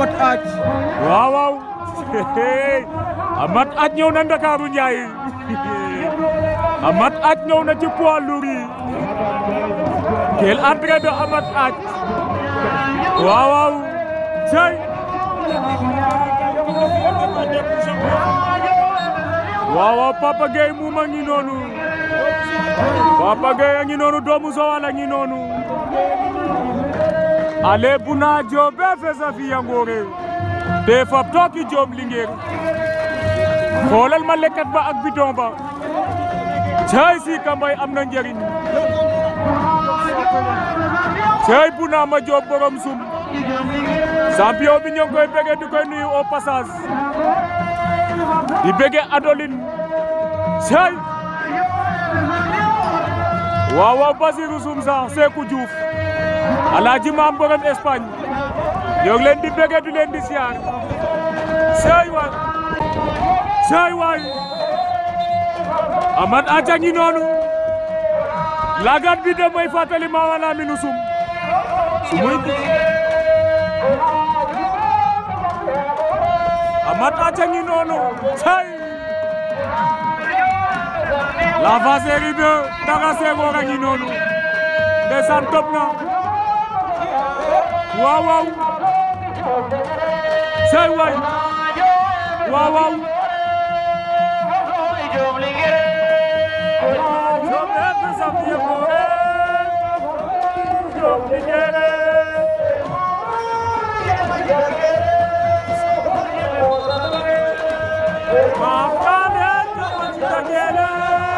Amat Amat Aj ñëw na Ndakaaru Njaay Amat Aj ñëw na ci poids lourd yi quel entrée Amat Aj waaw waaw cey waaw waaw Papa Gueye mu ma ngi doomu Sowal a ale buna job be fi yangore te fab toki job lingeer xoolal ma ba ak bidon ba cay si am na njëriñ cay buna ma job borom sum champion bi ko ngi koy bëggee di nuyu au passage di bëggee Adoline cay waaw waaw Basirou Soum sax alaaji maam borom Espagne ñoo ngi leen di bëgge du leen di siyaar sey waay sey waay amat aca ngi noonu lagat bi de may fàttali ma nu sum sumuy amat aca ngi noonu sey la va série 2 Daga Senghor a ngi noonu ndeysaan topp na Wow! Wow! sey Wow! Wow! Wow! Mafra ne to chitagela